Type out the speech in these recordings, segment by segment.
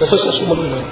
da sassan su mulki ne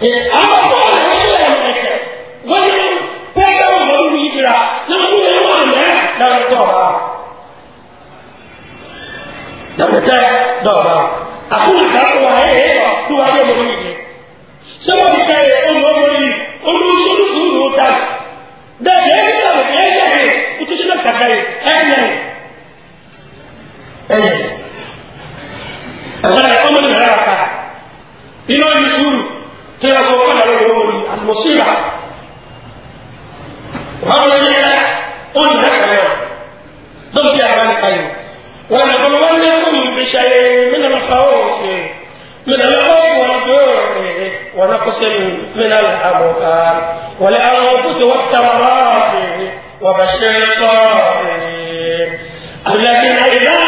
Eh, àwọn ọmọ rẹ̀ wọ́n yẹ ẹ̀mẹ̀kẹ̀ wọ́n ní pẹ́ẹ́kẹ́ wọn mọ̀ nínú ìdíra náà wọ́n yẹ wọn mẹ́ lọ́rọ̀ dọ̀ọ̀bà lọ́rọ̀ dọ̀ọ̀bà àkúrò مصيبة وهذا الذي قل لك اليوم ضد أعمالك اليوم ونبلونكم بشيء من الخوف من الخوف والجوع ونقص من الأموال والأنفس والثمرات وبشر الصابرين الذين إذا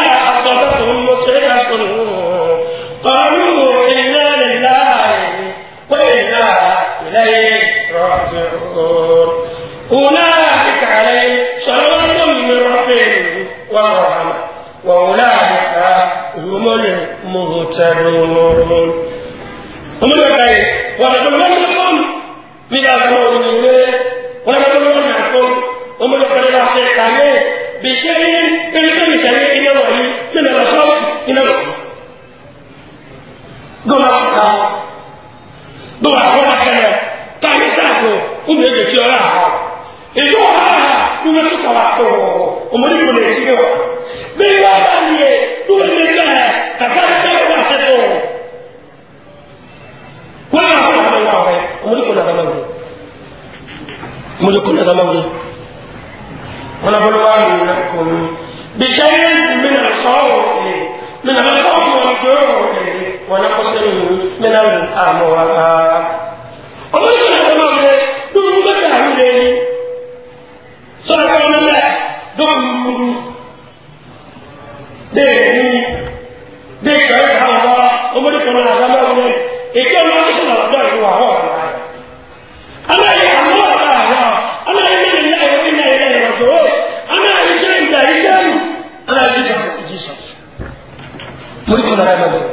المرسلون هم الوكاية ونظلمهم من أغلون إليه ونظلمناكم هم الوكاية لا شيء عليه بشيء يلزم شيء إلى وعي من الخوف إلى الوعي دون أخطاء دون أخطاء كما تعالي ساكو هم يجي في أراها èyí wà lára dúró tó kọ̀wá tó ọmọdé kò lè ṣe wà bí wọ́n bá ní ẹ dúró ní ẹ kàkà tó ملكم هذا مولي ونبلونكم بشيء من الخوف من الخوف والجوع ونقص من الأموال وملكم هذا مولي دون مكة عملي صدق الله دون مدو mori kana hana bai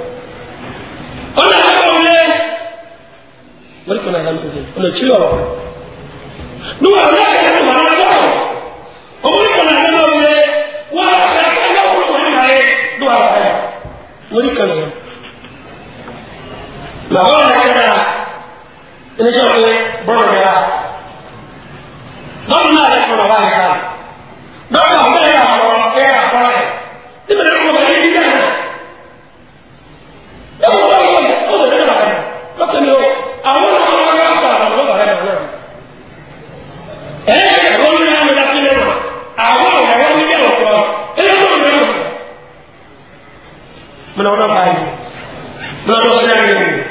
ona hana wule mori kana hana bai ona ciwo ba nu wa ba ka hana wala ba o mori kana hana wule wa ka hana wule hana ye du wa ba mori kana hana ma ba na kana ina ciwo ne bɔlɔ de la dɔw na yɛrɛ kɔnɔ wa ye sa dɔw ka muna wani bayi muna da suna ne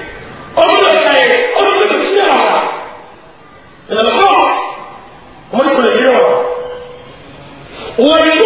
ọdún da suna yi ọdún da su suna wa yana da kuma kuma da kuma da kuma wani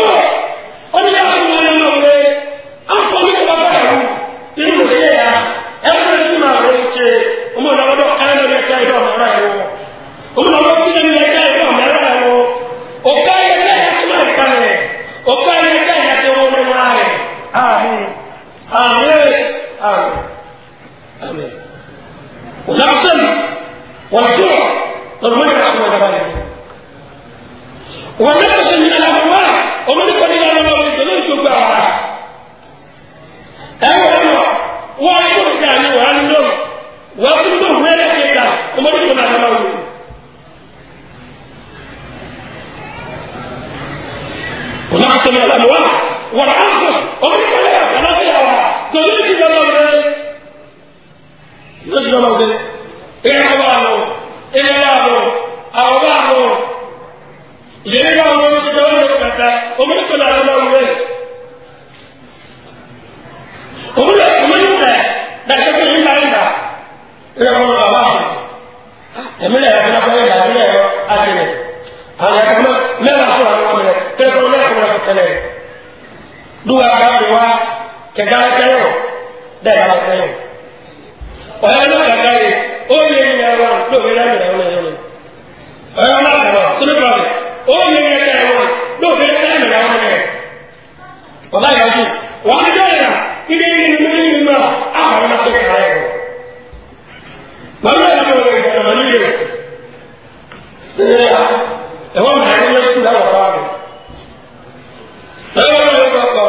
wallahi yaji wa dalla ile ile ne ne ma a ba na sai ka yawo wallahi ne ne ga na ni ne e wa ma ne yesu da wa ka ne e wa ne ka ka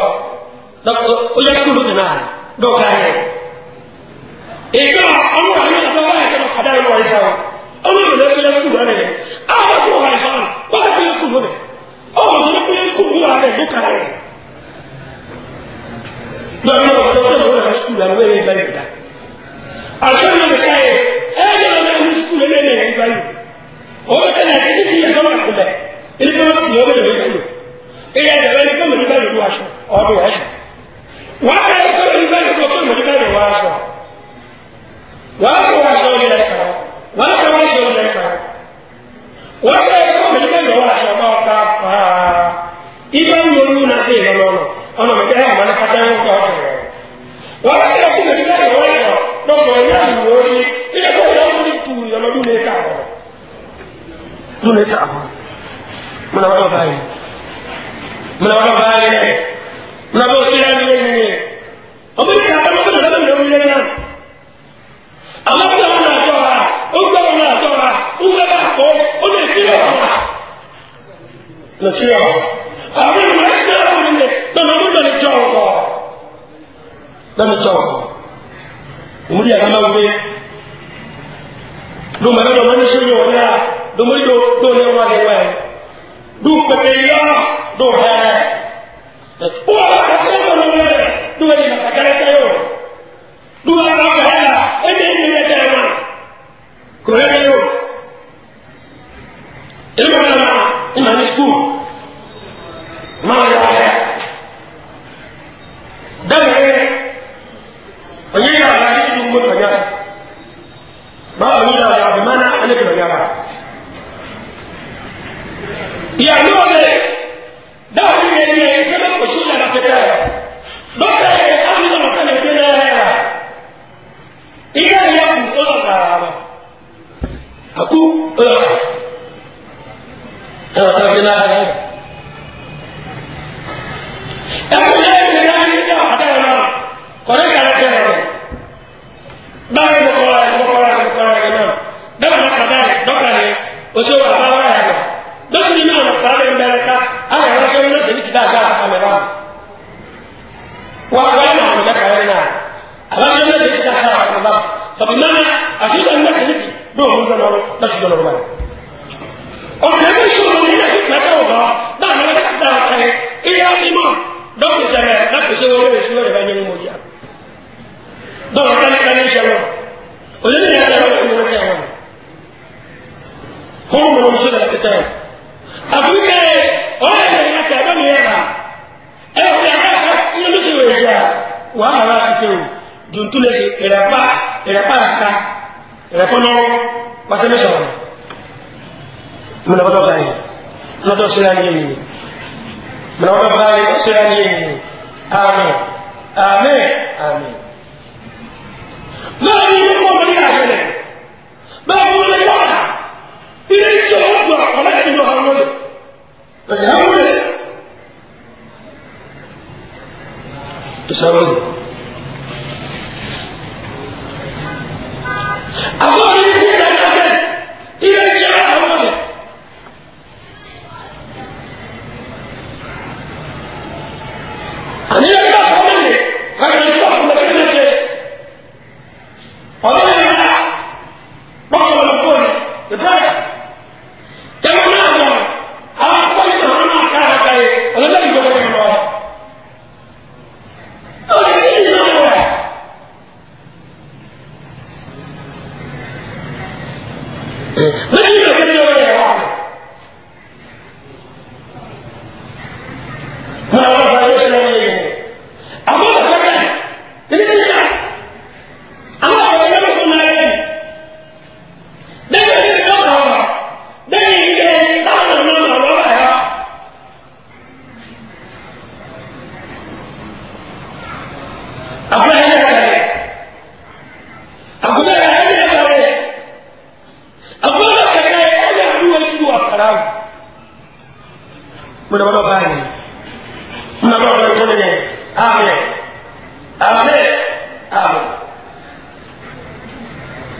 da o ya ku do na do ka ne e ka an wa ne da wa ka ka da wa isa an wa ne ka ku da ne a ba ku ha isa wa ka ku do ne o ne ku ku da lọ́nà ọ̀dọ́ tó lọ́wọ́ rẹ̀ sukùl àwọn èèyàn ìgbà yọ̀dá àṣọ yóò lè ká yẹ ẹ ẹ lọ́wọ́ náà ní sukùl ẹ̀mí ẹ̀yà ìgbà yọ̀ ọ̀rọ̀ kan náà kí sísè yẹn lọ́wọ́ àkùnbẹ̀ ilé bí wọ́n sì yọ̀ ọ̀rọ̀ ìgbà yọ̀ ẹ̀yà ìgbà yọ̀ kọ́ mọ̀lẹ́bà yọ̀ aṣọ ọ̀rọ̀ aṣọ wàá kà yẹ kọ́ mọ̀lẹ́bà yọ̀ kọ́ mọ̀lẹ́bà yọ̀ aṣọ wàá kọ́ aṣọ ọ̀rẹ́ kàrọ̀ wàá kọ́ aṣọ ọ̀rẹ́ kàrọ̀ wàá kọ́ mun ne ta'a fɔ mun b'a b'a ye mun b'a b'a ye mun b'o sira ni ye nin ye o bɛ k'a dama ko nin bɛ minɛ wuli na a ma kila mun na jɔ la o kila mun na jɔ la o bɛ k'a kɔ o de ti yɔrɔ la o ti yɔrɔ a bɛ mun ɛsike la wuli ne dama ko dɔnni jɔ o kɔ dɔnni jɔ o kɔ o mu di yɛrɛ ma wuli n'o ma yɔrɔ ma ni se yɔrɔ la. domori do do ne wa ne wa do pete ya do ha o ala yàlóore dáhùn yẹn ní ẹyẹ sẹ́dọ̀ kò sí ìlànà pẹ̀tẹ́ dọ́kítà yẹn asúlọ̀ lọ́kà lè gbé náà yàrá ìgbà yẹn kù ó lọ sàrà lọ àkú ó lọ. ẹ wọ́n tẹ́lẹ̀ gbé náà yàrá وأبان لك علينا أبان الناس التي أحرق الله فبمعنى أجوز الناس التي دون مزن ورد نشد الرمان أبنى من شغل من حكمة وضع دعنا لك حتى أخير إلى أمام دون سنة نفس يوم يسوى لبنى الموجة دون كان كان يشعر ولم يعلم أن يرجع هم من رسول الكتاب أبوك أولا يا أدم يا أبوك wàhálà wà kìtẹ́ o dùntúlẹ̀ ìrẹ̀pá ìrẹ̀pá àkàkà ìrẹ̀pá lọ́wọ́ pàṣẹ sọ̀rọ̀ mọ̀nàbọ́dọ̀ báyìí lọ́dọ̀ síra ní èyí mọ̀nàbọ́dọ̀ báyìí lọ́dọ̀ síra ní èyí àmì àmì àmì. náà ní ìlú wọn ní àgbẹ̀lẹ̀ bẹ́ẹ̀ wọ́n lè wá ilé ìjọ wọn fún àkọlẹ́ ìlú àwọn ọmọdé sábà yìí. ne ọ̀rá mo lọ bọ́ báyìí mo lọ bọ́ ọ̀rọ̀ tó nìyẹn àmì àmì àmì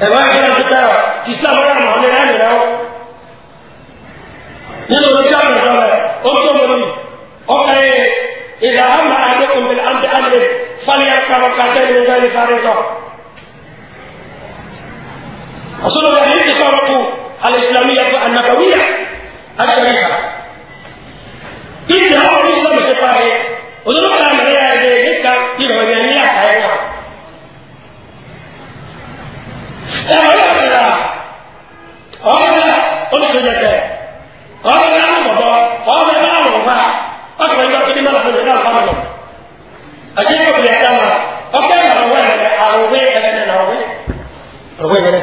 ẹ̀rọ ìgbà tó tẹ̀ ọ́ islam ọ̀rọ̀ àmọ̀ ọ̀nà ẹ̀rọ ìrọ̀ nínú ojú àmì ìrọ̀ rẹ̀ ó tó mọ̀ ní ọkọ̀ yìí ìlà àmà àdékùn bẹ̀rẹ̀ àmì àmì fàlẹ́ àkàrọ̀ kàtẹ́ ìlú ìgbà ìfàrẹ́ tọ̀ أصول الحديث الطرق الإسلامية النبوية الشريعة إذا هو ليس لم يشفاه وذلك على مريا إذا يشكى يدعو إلى نيا حيانا أولا لا أولا أرسلت أولا لا مضى أولا لا مضى أكبر ما كلمة لكم إلى الحرم أجيبك بيحتمى أكبر ما هو أروي أنا أروي أروي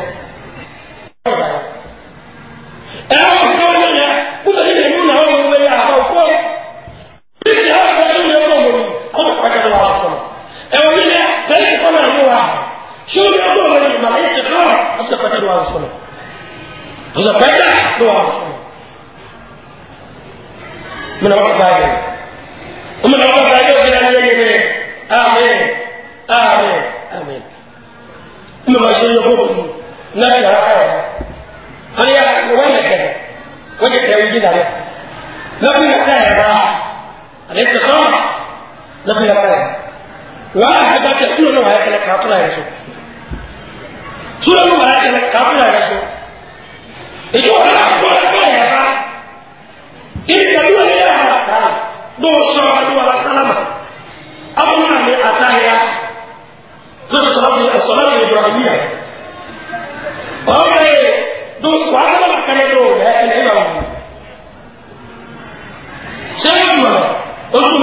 wà lọ́sọ̀nà ọ̀sọ̀ pẹ́ẹ́dà ló wà lọ́sọ̀nà mìnà wọ́n bá yẹ mìnà wọ́n bá yẹ ọ̀sẹ̀ náà yẹ yẹ amẹ́ amẹ́ amẹ́ mìnà wọ́n ṣe yọ bọ́ọ̀lù yìí náà yẹ ara yẹ wọ́n yẹ wọ́n yẹ kẹ́ wọ́n yẹ kẹ́ wọ́n yẹ dàrẹ́ lọ́kùn yẹ kẹ́ yẹ bá sura mu wàhálà kẹlẹ káfíńdà yẹn so ètò wọn náà kọ́ ẹ̀kọ́ yẹn bá ìdíkà bí wọn lè yára wà ká dɔw sɔrɔ a dɔw la salama aw na ni a ta ya dɔw sɔrɔ a dɔw sɔrɔ a dɔw yi ya ɔn yɛrɛ ye dɔw sɔrɔ a dɔw ka kɛnɛ dɔw yɛrɛ kɛnɛ yɛrɛ wà wuli sɛbɛn jumɛn o tun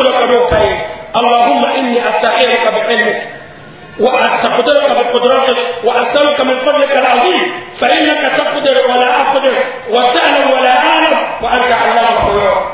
bɛ inni asahiru ka bi وأستقدرك بقدرتك وأسألك من فضلك العظيم فإنك تقدر ولا أقدر وتعلم ولا أعلم وأنت علام الغيوب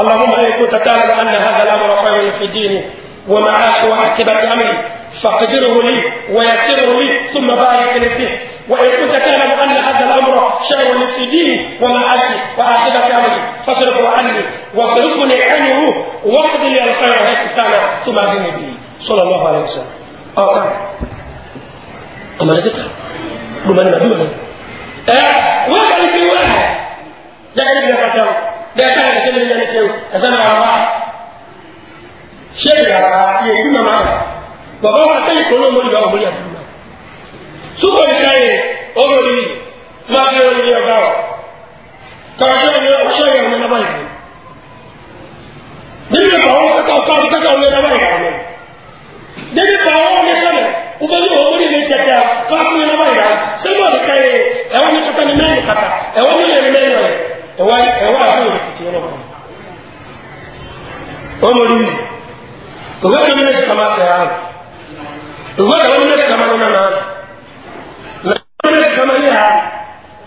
اللهم إن كنت تعلم أن هذا الأمر خير في ديني ومعاش وعاقبة أمري فاقدره لي ويسره لي ثم بارك لي فيه وإن كنت تعلم أن هذا الأمر شر في ديني ومعاشي وعاقبة أمري فاصرفه عني واصرفني عنه واقضي لي الخير حيث كان ثم أدني به صلى الله عليه وسلم ọ̀ka ọmọdéjẹta lomani ma dumani ẹ wọ́n kà ní kí wọ́n ẹ̀ dẹ́gbẹ́ bí ẹ̀ka tẹ̀wọ̀ dẹ́gbẹ́ bí ẹ̀sẹ̀ bí ẹ̀sẹ̀ tẹ̀wọ̀ ẹ̀sẹ̀ náà wà ṣé ìyàrá yẹ ìlú màmá rẹ̀ bàbá wa sẹ́yìn kò ló mọ́lì bá wà mọ́lì àdúgbò náà súpọ̀ nìkan yẹ ọ̀rọ̀ yìí máa ṣe ọ̀rọ̀ yìí ọ̀gá ọ̀ kàwáṣẹ́ ọ̀ṣẹ́ yẹ ọ̀nà náà báyìí nínú ìgbà débi bàbá wọn ní kálẹ̀ wọ́n bẹ ní òwò ní ilé jẹjẹ káfíń náà wáyà sẹ́nu ọ̀dẹ ká yẹ ẹ̀wọ́n ní kata ní mẹ́rin kata ẹ̀wọ́n ní lẹ́nu mẹ́rin rẹ̀ ẹ̀wọ́n ẹ̀wọ́n àti òwò kìtì wọn lọ́wọ́. ọmọ rí òwe kan mílẹ̀ sìkàmà sẹ̀yà rẹ̀ òwe kan mílẹ̀ sìkàmà nínú nà rẹ̀ mílẹ̀ sìkàmà ní hà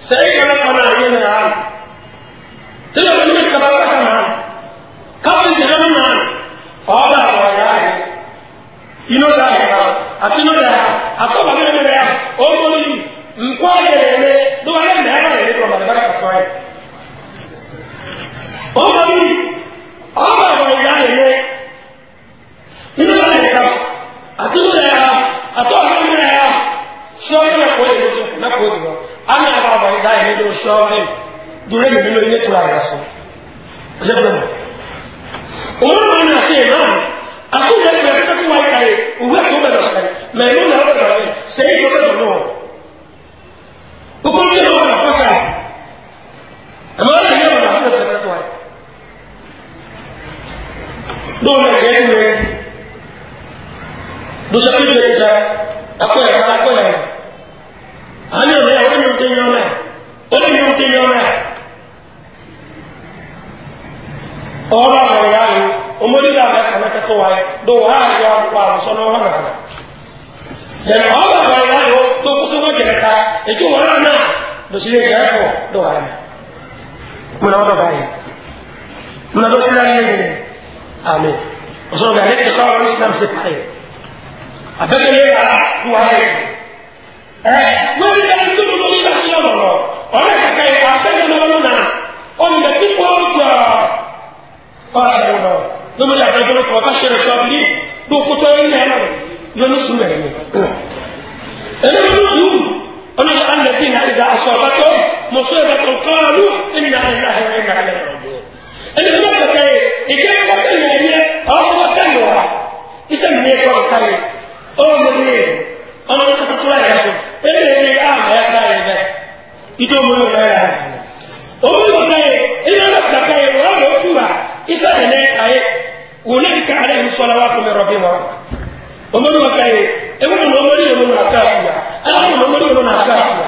sẹ́yìn kan kan náà yé ní hà tẹ́lẹ̀ mílẹ̀ sìkàmà kásán nà rẹ̀ káfíń tẹ̀lé nù nà rẹ̀ ọ̀ akínú dà akọ́bà mi lẹ́nu dà ó mọ́lú yìí nkọ́ yẹlẹ lé ló wà lẹ́nu dà yẹlẹ tó ọ̀nà bàtà kàtọ́ yẹ. ó mọ́lú yìí ọ̀bà ọ̀bà ìyá yẹlẹ inú bá yẹ kàn akínú dà yà akọ́bà mi lẹ́nu dà yà sọ yẹ kó yẹ lóṣù kó nàkó yẹ lọ àmì àbá ọ̀bà ìyá yẹlẹ ló mi lóyún ní tura yẹ sọ. ọ̀sẹ̀ bẹ̀rẹ̀ òun náà ń akóso ẹgbẹ́ ẹgbẹ́ tó wáyé káyé òwe tó bẹ̀ lọ sẹ́yìn mẹ́rin náà bẹ̀ lọ sẹ́yìn tó bẹ̀ lọ lọ. gbogbo ní ẹ̀rọ ọ̀nà kọ́sà àmọ́ ọ̀nà yẹn wọ̀nà fún ẹgbẹ́ tó wáyé. lóòrè ẹ̀yẹ́ ń wẹ̀ lọ́sọ̀ tó yẹ kíkà akọ ẹ̀ka akọ ẹ̀ àmì ọ̀nà yẹn wọ́n yóò tẹ̀ yọ̀ náà wọ́n yóò tẹ̀ yọ̀ náà ọ̀rọ̀ àwọn ìyá wọn omolila kana kato waye do wa ya fa so no hana hana dan ala ba ya yo do kuso ma kere ka e ju wala na do sile ka ko do wala kuna wa ba yi kuna do sile ni ne amen so ga ne ka wa islam se pai abeke ne ala ku wa ye eh no ni ka ni do ni ka sile no no ona ka ka abeke no no na on ne ki ko ja Para, no, no nomu la kan jolo kɔba sɛrɛ sɔbili do kutɔ yi nɛ na yɔnu su mɛ ni ɛnɛ mi nu zu ɔnu yɛ alɛ bi na ɛda asɔba tɔ muso yɛ bɛ tɔ kɔɔlu ɛna ɛna ɛna ɛna ɛna ɛna ɛna ɛna kɛkɛ yi ike kɔkɛ yɛ yɛ ɔkɔ kɛ yɛ wa isɛ mi yɛ kɔkɔ ka yɛ ɔmu yɛ ɔmu yɛ kɔkɔ tura yɛ so ɛna yɛ yɛ ama ulaika alaihim salawatu min rabbihim wa rahmah omori wa kai emuru no omori no na ka kuwa alamu no omori no na ka kuwa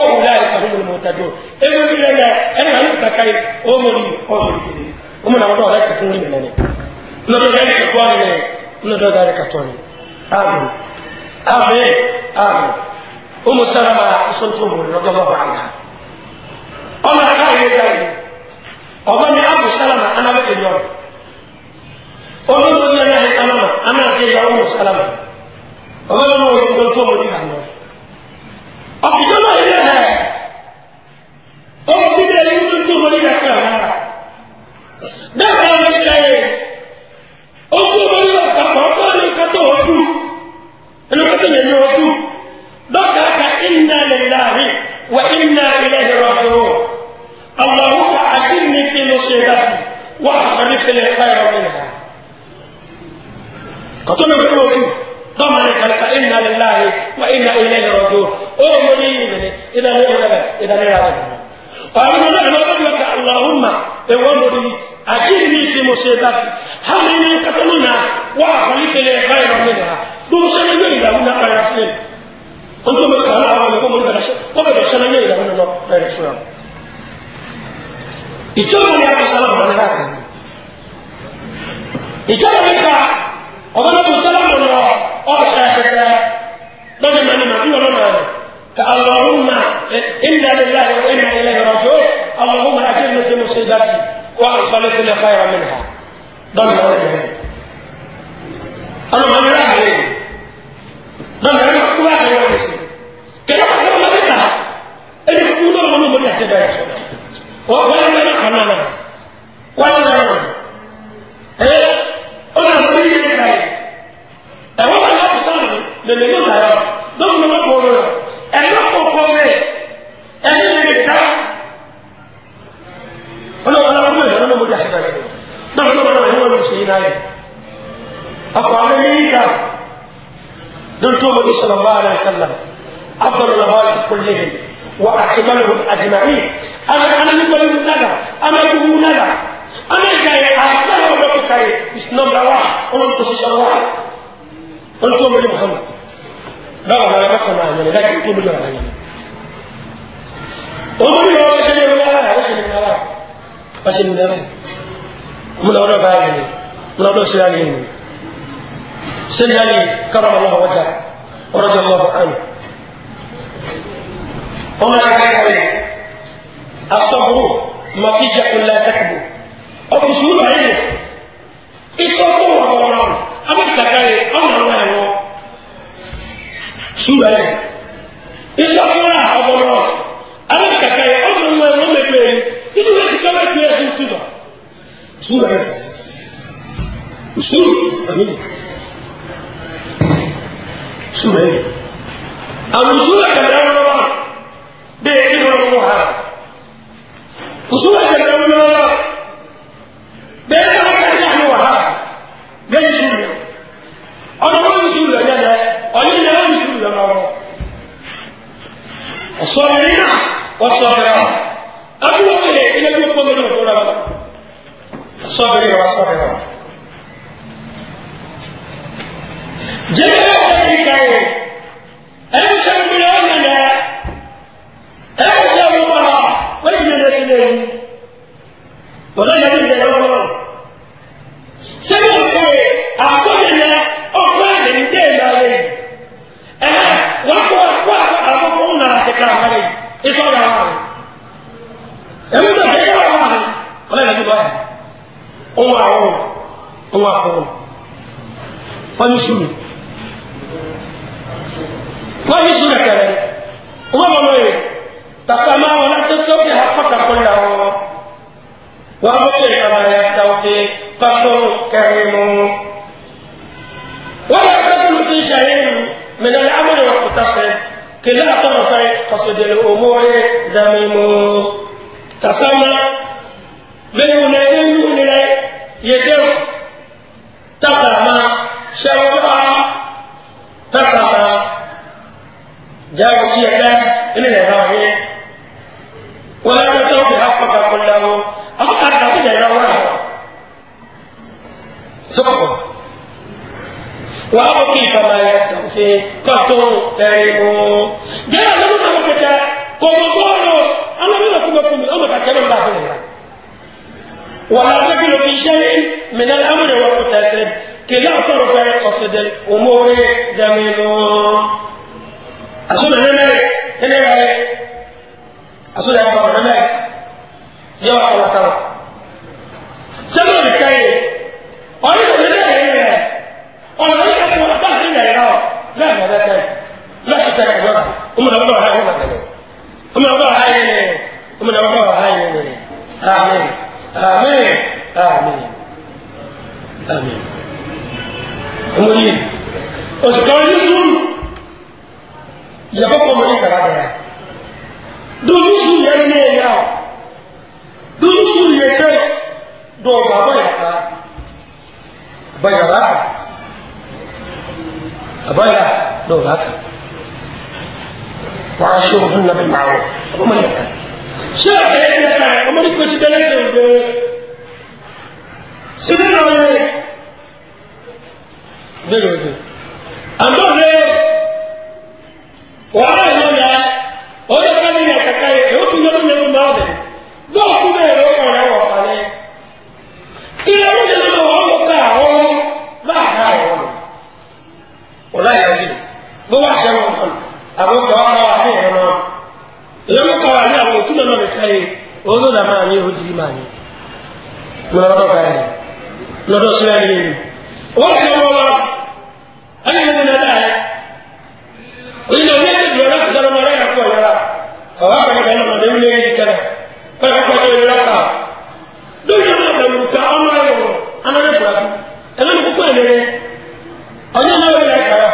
wa ulaika humul muhtadun emuru ne ne ena ni takai omori omori kidi omo na wado alaika kun ni ne no do dai ka tuwa ne no do dai ka tuwa ne amin amin amin umu salama sun tumu radiyallahu anha ona ka yi dai ọba ni abu salama anabe elion olóòtú ní ẹni àìsàlámà àmì àti ìyàwó mùsàlámà ọlọ́run náà yóò tó mọ̀ ní àná ọ̀kìtọ́ náà yẹ ẹ̀ ọ̀rọ̀ bíbí ẹni yóò tó mọ̀ ní àná dábàá ní ìdáyé ojú omi náà kàpọ̀ ọkọ ní nkátó ọdú ẹni kátó yẹ ní ọdú dọ́kà ká iná lèláàrí wà iná ilé ìrọ̀dúró aláwọ̀ àti nífi ló ṣe dàbí wà àfẹ́rífẹ́lẹ́ fáyọ̀ mi nà kọtọ́nà mi wò kí dọ́mọdé kàlíkà ìnà lẹ́láyé wà ìnà ilé ìrọ̀jò ó mo ní yìí nìyí ìdálé ìrọ̀lẹ́ ìdálé ìrọ̀lẹ́ ọ̀hún náà ẹ̀ lọ́kọ́ yọ̀ọ̀kà aláhùnmá ẹ̀wọ́n mo ní àdínní fi mo ṣe bá hàmì ní katalóna wà àkọlí fẹlẹ ẹ̀ka ìrọ̀ mi nà dùn sẹ́ni yóò ìdààmú náà pàrọ̀ fún mi wọ́n tún bẹ̀rẹ̀ kàwọn àwọn ọmọ ìgbọ́n sẹ́ni yóò ìdààmú náà pàrọ̀ fún mi. ìjọba ni a bẹ sálámù ọ̀nà náà kàn ìjọba ni ká ọmọdé sẹlẹm lọ ọṣẹ kẹkẹ lọdẹ mẹni mẹ bí wọn náà ka alahuma inna lillahi wa inna ilayhi rajo alahuma akéwìn fi musibati wa alukọlẹ fi nafa yọrọ minha dọmi náà lẹ ọmọ mi rà lẹ dọmi náà kú bá sọ wọn lẹsẹ kẹlẹ bá sọ wọn lẹta ẹni kú náà wọn lọmọdé àti bẹẹ ẹ ọ náà fún yìí. ẹ̀wọ́ bá yọ sọ́ọ̀nù lèlè yóò dà yọ lóògùn ló kó rẹ̀ ẹ̀yọ́ kò kó rẹ̀ ẹ̀yọ́ lè dá ọlọ́wọ́ náà wúlò ìrànlọ́wọ́ mo jà kí náà ṣe náà ló bá yọ lóṣù yìí náà yẹ ọkọ̀ àwọn ẹni yìí kà dóńtó mo ní sọ̀rọ̀ bá àrẹ sọ̀rọ̀ afọ̀rọ̀ lọ́wọ́ àkọlé وأكملهم أجمعين أنا أنا نقول لنا أنا بقول لنا أنا جاي أحبها وبكاي إسلام رواح ومن قصص رواح on tó mọ́lé muhammad báwo ni wọ́n kọ́ máa yẹn dájú tó mọ́lé ọ̀rọ̀ yẹn wọ́n mọ́lé wọn wọ́n ṣe ní ọ̀rọ̀ ara wọ́n ṣe ní ọ̀rọ̀ ara wọ́n ṣe ní ọ̀rọ̀ ara wọ́n lọ́wọ́ bá yẹn ni wọ́n lọ́wọ́ ṣe yẹn ni sẹ́ni yẹn ni kábàámà lọ́wọ́ wọ́jà ọ̀rọ̀ jẹ́ lọ́wọ́ àná wọ́n máa ká káyọ̀ yẹn asọ́gbùrù màkíjà kò láyé tẹ́kùbù ọ̀kùnṣùn abẹ́tàkà yẹ ọmọ ọlọ́ ẹ̀wọ́ sùúrù ẹ̀ ìsọfúnra ọ̀bọ̀rọ̀ abẹ́tàkà yẹ ọmọ ọlọ́ ẹ̀wọ́ mẹ́gbẹ́ yẹ inú rẹ̀ ti ká mẹ́gbẹ́ yẹ fún tuba sùúrù ẹ̀ sùúrù àbẹ̀yẹ sùúrù ẹ̀ àwọn sùúrù kàdé ọmọ wa dé ìlú ọmọ wa sùúrù kàdé ọmọ wa bẹ́ẹ̀ náà. ọ̀sọ́mìnira ọ̀sọ́mìnira ẹgbẹ́ wọn lè ilé tó gbọ́ mẹ́rin òkúra lọ ọ̀sọ́mìnira ọ̀sọ́mìnira. jẹ́nẹ́rẹ́ ọ̀sẹ̀ ìka yẹ ẹni sọ fún mi ọ̀nà yẹ ẹni sọ fún mi ọ̀nà wọ́n ti lè lè yí ọ̀nà yẹ ti lè lọ́wọ́ sẹ́yìn òkú yẹ àkóyè yẹ. kira mara yi isu ọ̀rọ̀ ara rẹ̀ ẹ̀mú náà kẹ́kẹ́ ọ̀rọ̀ ara rẹ̀ ọlọ́run ẹ̀mí lọ́yà ohun àwọn ohun àkọ́wọ́ wọ́n ní sùn wọ́n ní sùn kẹ̀kẹ́rẹ́ wọ́n mọ̀ lọ́yẹ̀ tasama wọn láti sọ́kè akọ́ta kọ́lá wọn wọ́n mọ̀ lọ́yẹ̀ kama ya tawfi kọ́tọ́ من الأمر والقتصر كلا طرفي قصد الأمور ذميم تسمى وينادين إلى يسر تسمى شوها تسمى جاءوا إياك إلى الراهي ولا تتوب حقك كله حقك تجد يرواه سبحانه وأبقي فما يستوفي قطر تريب جرى لنا مكتا كومبورو أنا لا أكون بكم أنا كتنا بعدين ولا تكن في شيء من الأمر والمكتسب كلا طرفي قصد الأمور جميل أصول أنا أنا أصول أنا أنا يا الله تعالى سمع الكاين أنا أنا ọ̀nà yìí kẹ́kẹ́ wọn báyìí nílẹ̀ yẹn náà lẹ́yìn ọ̀dẹ́ tẹ́ lẹ́yìn tẹ́ kẹ́kẹ́ wọn ọmọ náà bọ̀ ọ̀hán wọn nìyẹn ọmọ náà bọ̀ ọ̀hán yẹn nìyẹn ọmọ náà bọ̀ ọ̀hán yẹn nìyẹn amen amen amen amen. ọmọ yìí oṣù kan ní sùúrù yàgbọ́ pọ̀ mọ́ ní kàrà dẹ̀ dúdú sùúrù yẹn ní ẹ̀yà dúdú sùúrù yẹn sẹ́ dọ̀ọ̀gbà bọ̀ yàtà bọ̀ yàtà. أبايا دور هكذا وعاشرهن بالمعروف ومن يتعب شرط يتعب ومن يكون سيدنا سيدنا سدنا ولا بيرودي أما kai ono na ma ni ho diri ma ni mo na do kai lo do so ni ni o ti mo lo ani ni na dai e. o ni ni ni do na so na ra ko ya ra awa ka ni ka na de ni ni ka na ka ka ko ni ra ka do e ni na da mu ka ama yo ana ne pra ku ana ni ko ko ni ni ana na ra ka ya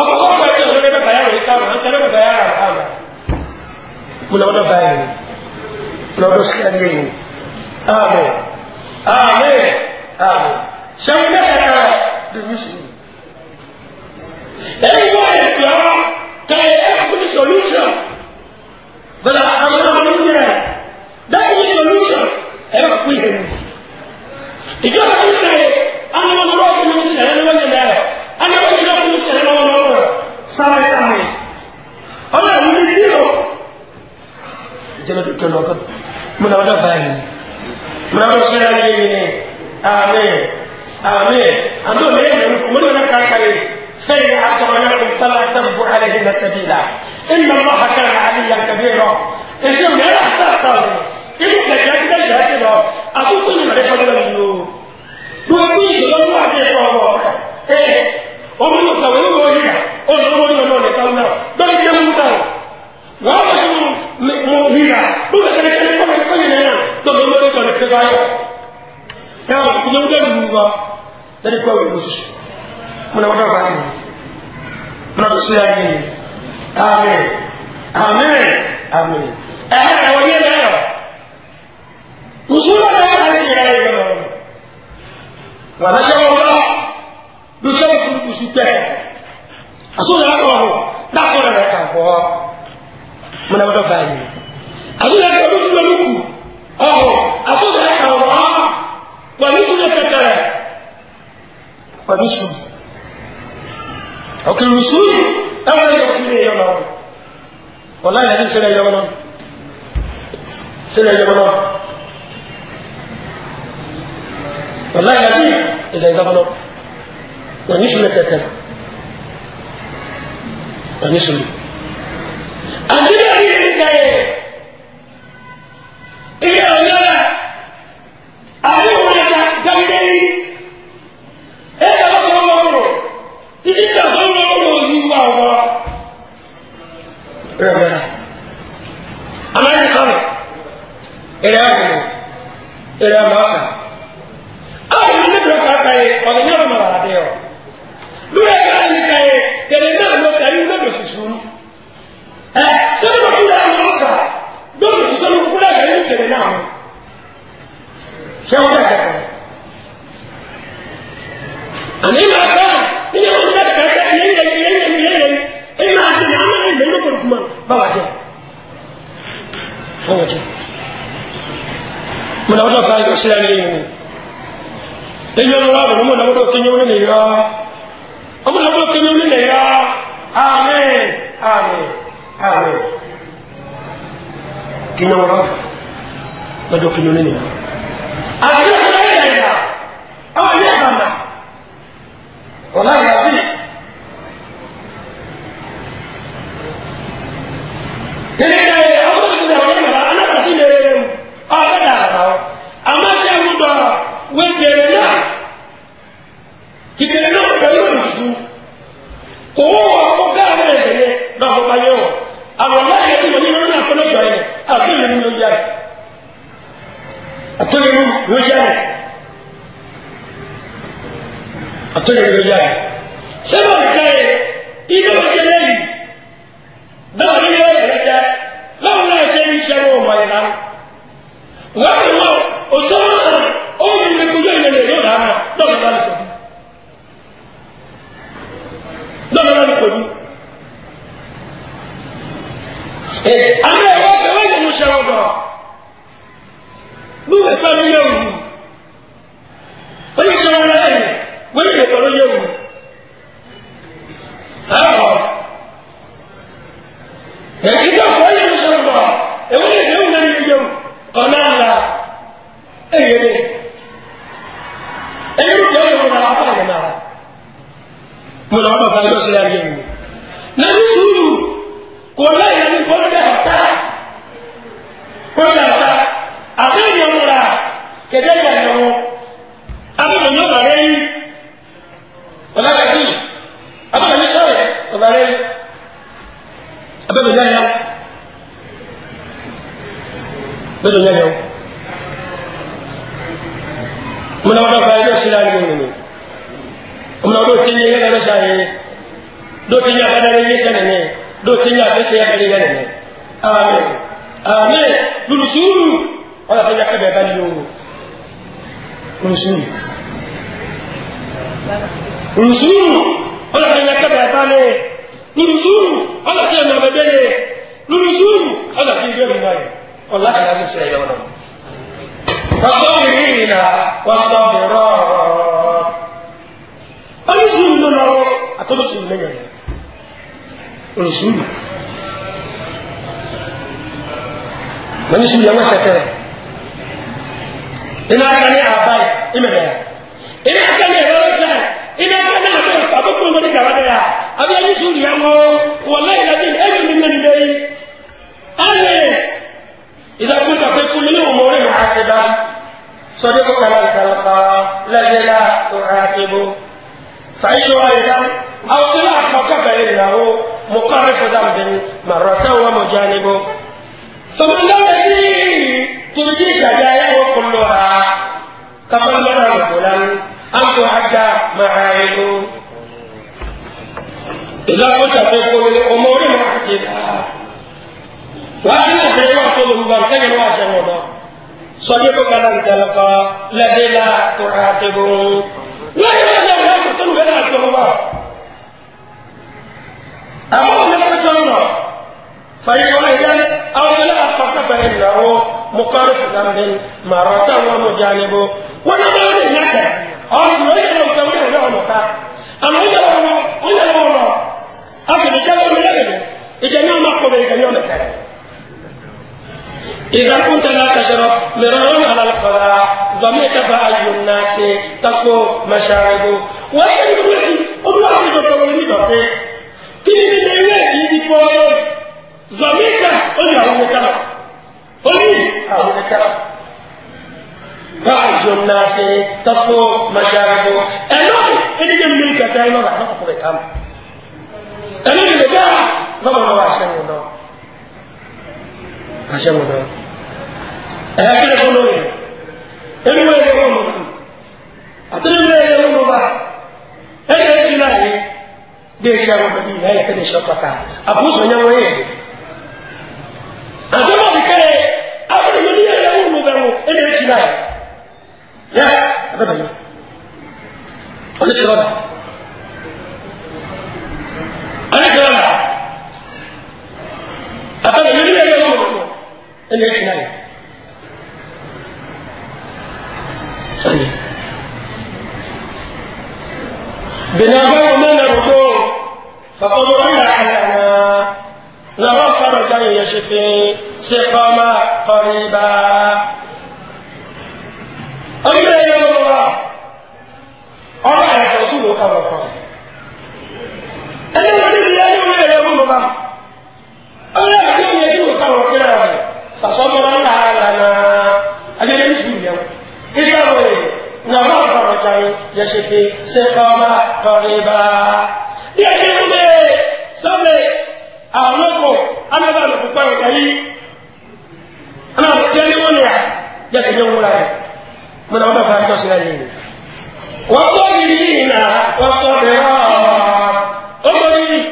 akwa ko ka ni ra ka ya ri ka ma ka ra ka ya ra lọ́dọ̀ sí ayé yìí amen amen amen sẹ́wọ́n dẹ́sẹ̀ náà dèmí sí i. èyí wọ́n yẹ kọ́ ká yẹ ẹ̀kúni solution bẹ̀rẹ̀ àwọn ọmọ mi yẹ dẹ́kúni solution ẹ̀rọ kú yẹ mi. ìjọba mi sọ yẹ àwọn ọmọ rọ̀ fún mi sílẹ̀ ẹ̀rọ wọ́n yẹ náà àwọn ọmọ yẹ fún mi sílẹ̀ ẹ̀rọ wọ́n yẹ náà sáré sáré ọmọ yẹ mi ní zero. ìjọba tó tẹ̀lé ọkọ̀ muna wadda fahimi muna wadda suna ne ne amen amen an zo mai mai kuma ne wannan kakare sai ya aka mana kun fala tabu alaihi nasabila inna allaha kana aliyan kabira ishe mai ya sa sa ne ibu ka ja gidan da ake da a su kun mai fa da biyo domin shi don ba sai ko ba eh o mu ka wani wani o mu wani wani ne kauna don ya mu wa ba mu mu hira duk sai kɔni pɛba yɔ ɛwɔ nyɛwudɛ nunu ba lɛri kɔ wɛrɛ susu muna wata ba yi muna to seya amen amen amen ɛhɛ ɛwɔ yɛ lɛ yɔ musulman yɛ lɛ yɛ yɛ yɛ lɛ wa lɛ yɛ wɔ lɛ lu sɛ wusu wusu tɛ a so n'a ko lɛ muna wata ba yi a so yɛ lɛ wusu ọ̀hún àtúnṣe ẹ̀ka ọ̀rọ̀ ọ̀hún pẹ̀lú ìṣúlẹ̀ kẹkẹrẹ pẹ̀lú ṣù ọ̀kìrì ṣù ẹ̀wọ̀n ẹ̀yọ sílẹ̀ ẹ̀yọ náà ọ̀la ìyàdí sílẹ̀ ẹ̀yọ náà sílẹ̀ ẹ̀yọ náà ọ̀la ìyàdí ìṣẹ̀ ìjọba náà pẹ̀lú ìṣúlẹ̀ kẹkẹrẹ pẹ̀lú ṣù àdínlẹ̀ ìṣẹ̀ wasabirọ oríṣiríṣi ló lọ àtọ́lọ́sí lẹ́yìn rẹ̀ oríṣiríṣi oríṣiríṣi yẹn kẹkẹ iná aka ní àbáyé ìmẹ̀rẹ̀ yà iná aka ní ìrọ̀lẹ́sẹ̀ iná aka ní àbẹ̀ àkókò ìmọ̀lẹ́ gàràdẹ̀ yà àbí oríṣiríṣi yẹn wọ́n wọ́n lẹ́yìn lẹ́yìn ẹ̀yìn ní nyẹ́ nílẹ̀ yìí ẹ̀yìn ìdàkùn kàfẹ́ kúlẹ̀ ní òmòrè mọ̀ àkẹ́dá. صديقك لا تلقى الذي لا تعاتبه فعيش أيضا أو صنع أخوك فإنه مقرف ذنب مرة ومجانب فمن الذي ترجي سجاياه كلها كفن لنا رجلا أن تعد معايب إذا كنت تقول الأمور معتدها وأنا في وقت ظهورا كان واسع وضعه صديقك لن تلقى الذي لا تعاتب لا اله الا الله قتلوا غير الكهرباء امام لم يتمنى فيقول او لا حق فانه مقارف ذنب مرة ومجانب ونظر لك أرجو أن لو توليه له مكا أما إذا لو أنا أقول لك إذا نعم أقول لك يوم الكلام إذا كنت لا تشرب مرارا على القضاء ظميت فأي الناس تصفو مشاعر وإن روحي أبلغ بقولي بقي كل من الناس يجي بقول ظميت أولي أهونك أولي أهونك فأي الناس تصفو مشاعر ألوه إذا كان منك تايمة أنا أقول لك أنا أنا أقول لك ما أقول لك أنا ahyɛ mo dɛ ɛyɛ akyerɛ fɔ n'oyɛ ɛnu wo yɛ wɔn mo na atene wo yɛ wɔn mo ba ɛyɛ ekyi na yɛ de ehyia wɔn bɛ bi yɛ ɛyɛ kɛnɛ hyɛ paka akoso nyɛ wɔn yɛ asɛm a kekere akɔrɔ yɛ ni yɛ yɛ wɔn mo bɛ wo ɛyɛ ekyi na yɛ yɛ ɛbɛ bɛ yɛ ɔne hyɛ ɔda ɔne hyɛ ɔda atene wo yɛ yɛ wɔn mo bɛ wo ẹni ẹtwi náà bẹni agbára ọmọ ẹnna rògbò fàfọmọ ọmọlá àyànà lọwọ kọrọ ìdáyọ yẹn ṣe fi ṣe kọmá kọrin bá ọmọ ẹyẹ ọmọ wa ọmọ àyàtọ̀ sí ìlú kọrọ kọrọ ẹni wọn níbi ẹni wọn ẹyẹ ọmọ wa ọmọ ẹyẹ ọmọ yẹn ṣe ìlú kọrọ kọrọ rẹ. فصبرا لنا أجل يسوع إسرائيل نما فرجعي يشفي سقما قريبا يشفي سمي أملكو أنا بعمل كوبان كاي أنا كاني ونيا يشفي يوم ولا من أول فرجع سلالين وصابرين وصابرا أمري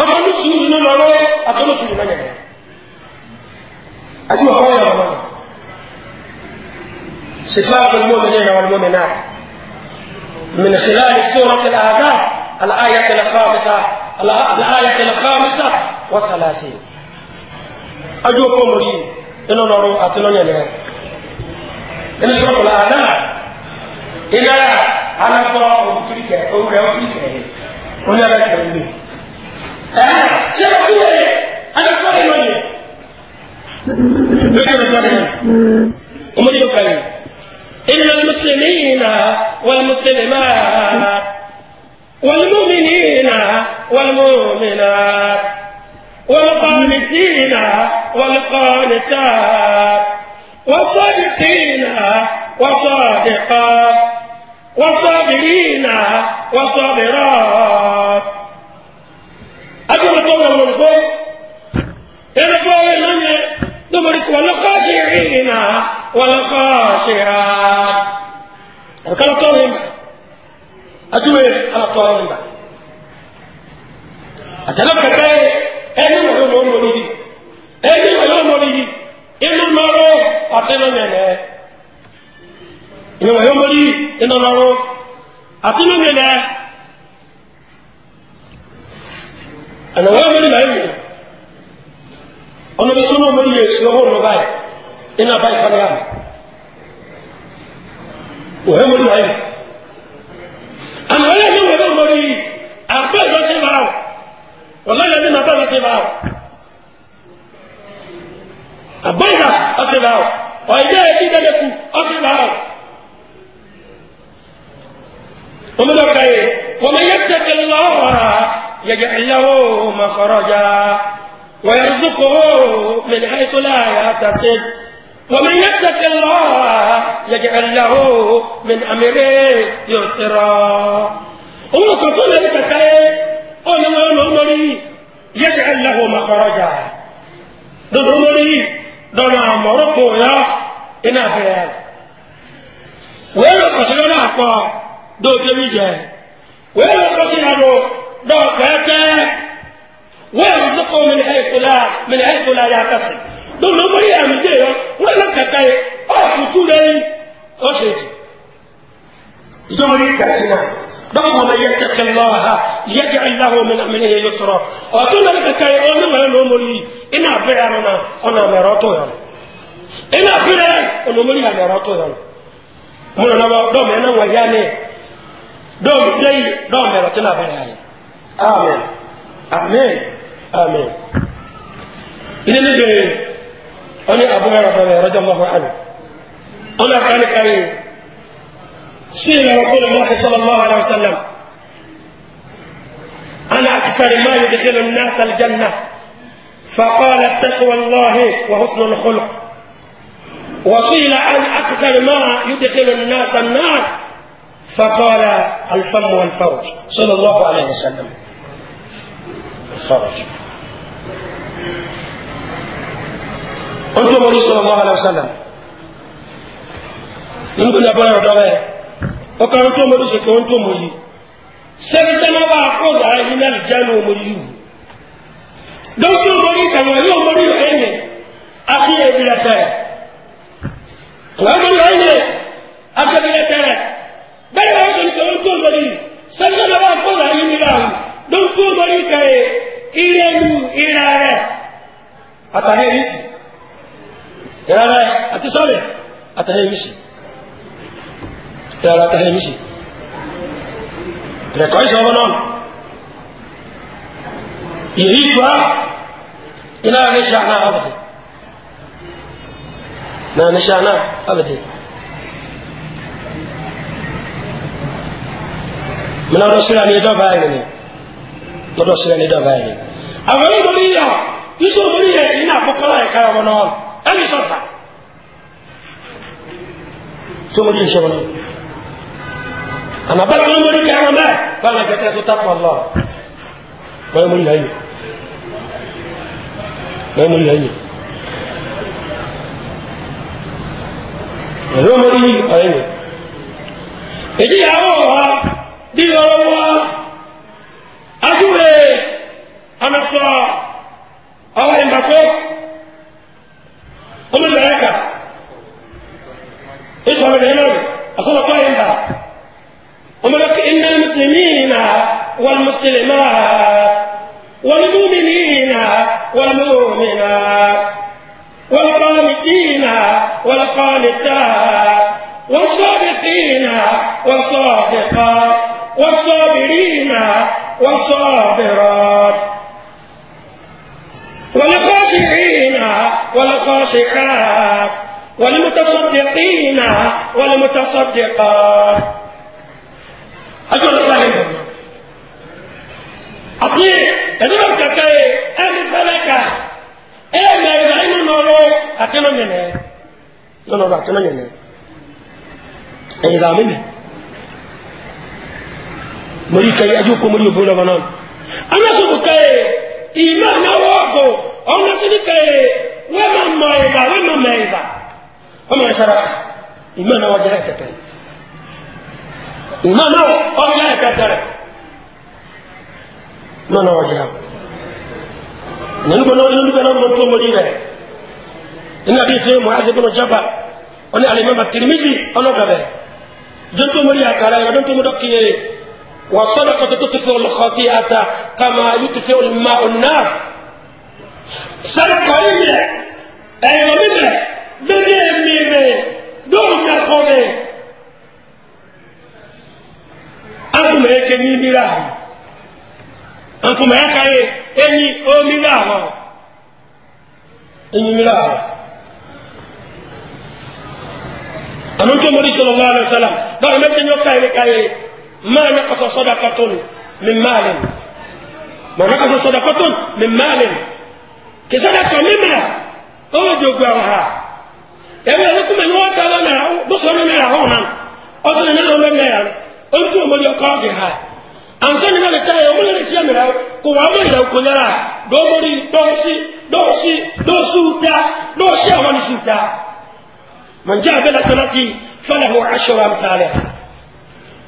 أمري سوزنا نلو أتلو سوزنا نلو أجي هو صفات المؤمنين والمؤمنات من خلال سورة الأعداد الآية الخامسة الآية الخامسة وثلاثين أجو قمري إنه نرو أتنون ينهر إن سورة الأعداد إلى على قراءة وتريك أو لا وتريك هنا لا تكلمني أنا سيقول أنا قائل ọmọdé ló kàlẹ̀ iná mùsùlùmí iná wọ́n mùsùlùmá wọ́n mùmíní iná wọ́n mùmíná wọ́n kọ́ọ̀nìtì iná wọ́n kọ́ọ̀nìtà wọ́n sọ́ọ̀dìtì iná wọ́n sọ́ọ̀dìkọ́ wọ́n sọ́ọ̀dìrí iná wọ́n sọ́ọ̀dìrọ́. دمرك والخاشعين والخاشعات وكلا طالهم أتوي على طالهم أتنبك كاي أين الحلوم به أين الحلوم به إن المرو أتنا نانا إن الحلوم به إن المرو أتنا نانا أنا وامري ما يمين ọ̀nà bí sọ́nà ọmọ yìí èsì ọwọ́ ọ̀nà báyìí iná báyìí kan yára òhẹ́ mọ́lú wáyé àmì ọ̀yẹ́ yìí wọ́n ọmọ yìí àgbẹ̀ ìlọsẹ̀ bá wọ̀ ọ̀nà yẹn nínú àgbẹ̀ ìlọsẹ̀ bá wọ̀ àgbẹ̀ ìlà ọ̀sẹ̀ bá wọ̀ ọ̀yẹ́ ẹ̀dí dẹ́dẹ́kù ọ̀sẹ̀ bá wọ̀ ọmọdé ọ̀ka yìí wọ́n yẹ ويرزقه من حيث لا يحتسب ومن يتق الله يجعل له من امره يسرا òun kan tó lẹ́nu kàkà ẹ́ ó ní wọ́n lọ lórí yẹ́dẹ̀ aláwọ̀ makaraja dọ̀dọ̀ lórí dọ̀nà àmọ̀rọ̀ tó yá iná bẹ̀rẹ̀ wọ́n lọ kọ̀ sí lọ́nà àpọ̀ dọ̀dọ̀ mi jẹ́ wọ́n ويرزقه من حيث لا من حيث لا يحتسب دول لو مري ام دي ولا لك كاي او كتولي او شيء دول كاينا دول من يتق الله يجعل له من امره يسرا وتقول لك كاي او ما لو مري ان ابرنا انا مراتو يا ان ابرنا انا مري مراتو يا mun na ba do me na wa ya ne do mi dai do me ba tana ba ya amen amen آمين إذا الذي أنا أبو هريرة رضي الله عنه أنا كان كان سئل رسول الله صلى الله عليه وسلم عن أكثر ما يدخل الناس الجنة فقال تقوى الله وحسن الخلق وسئل عن أكثر ما يدخل الناس النار فقال الفم والفرج صلى الله عليه وسلم الفرج ojú ọmọ yìí sọ̀rọ̀ mọ́hálà ọ̀sálà nínú kí abọ́yọ̀ ọ̀dọ́ rẹ̀ ọkọ̀ ojú ọmọ yìí sọ̀kọ̀ ojú ọmọ yìí sẹ́físẹ́má bá kóòdà yìí náà jánu ọmọ yìí dókítà ọmọ yìí kàwọn yóò mọ yìí ọ̀hẹ́ yẹn àti ẹ̀bìrẹ̀ tẹ̀rẹ̀ wọ́n mọ yìí ọ̀hẹ́ yẹn àti ẹ̀bìrẹ̀ tẹ̀rẹ̀ bẹ́ẹ̀ ni wọ́n oh, tó irelu ira rẹ atahẹrisi ira rẹ àti sọlẹ atahẹrisi ira rẹ atahẹrisi rẹ kọ́ ìṣọ́ ọmọ náà ìrí ìtura iná rẹ ṣe àná abẹ̀dẹ̀ náà ní ṣe àná abẹ̀dẹ̀ mìíràn ló ṣíra ní ẹjọ́ báyìí nìyẹn tɔdɔ sira ni dɔba ye àwọn yìí lórí yà yíṣu lórí yẹ yìí nà àbúkọ́lá yẹ káyọ̀ wọn náà ẹni sọ̀sà sọmọdé yìí sọmọdé àmà bàtà lómọdé káyọ̀ wọn bẹ́ẹ̀ báwọn ẹgbẹ́ kẹ́kẹ́ tó tapọ̀ lọ wọ́n yẹ mọ́ yìí yà yìí wọ́n yẹ yà yìí ẹ̀rọ mọ́ yìí yà yìí èyí yà wọ́n wá bí wọ́n. komori obo lɔbɔ nɔ ana sɔsɔ ka ye ima na wɔɔgo ɔna sini ka ye wɛma mɛyiba wɛma mɛyiba ɔma na sara ima na wɔdi ayɛ tɛtɛrɛ ima na wɔdi ayɛ tɛtɛrɛ ima na wɔdi ayɛ nanu bɛ nɔɔni nanu bɛ nɔɔni mɔtɔ mɔdi rɛ ina bi se mɔɛ adi bɔnɔ jaba ɔni alimama tirimisi ɔnɔ gabɛ jɔn tó mɔdi akara yɛrɛ jɔn tó mɔdɔ kiyere. والصدقة تطفئ الخطيئة كما يطفئ الماء النار صدقة إيمة أيوة إيمة ذنبي إيمة دوم يقومي أنتم هيك نيمي لها أنتم هيك إني أمي لها إني لها أنتم مريض صلى الله عليه وسلم دعوا مكين يوكاي لكاي ما نقص صدقة من مال ما نقص صدقة من مال كصدقة مما هو جوجوها ẹ̀wọ̀n ẹ̀kú mẹ́ni wọ́n ta lọ́nà bọ́sọ̀rọ̀ náà hàn náà ọ̀sán náà lọ́nà náà yàn ó ń tún ọmọdé ọkọ̀ ọ̀gẹ̀ ha àǹsán náà lè ká ẹ̀ ọmọdé lè ṣe mìíràn kò wá mọ̀ ìlà òkò yára dọ́mọdé dọ́ọ̀sí dọ́ọ̀sí dọ́ọ̀sí ta dọ́ọ̀sí àwọn ìṣúta mọ̀njẹ́ abẹ́lá sanati fọlẹ̀ wọ́n aṣọ wa mìsàlẹ̀ ha.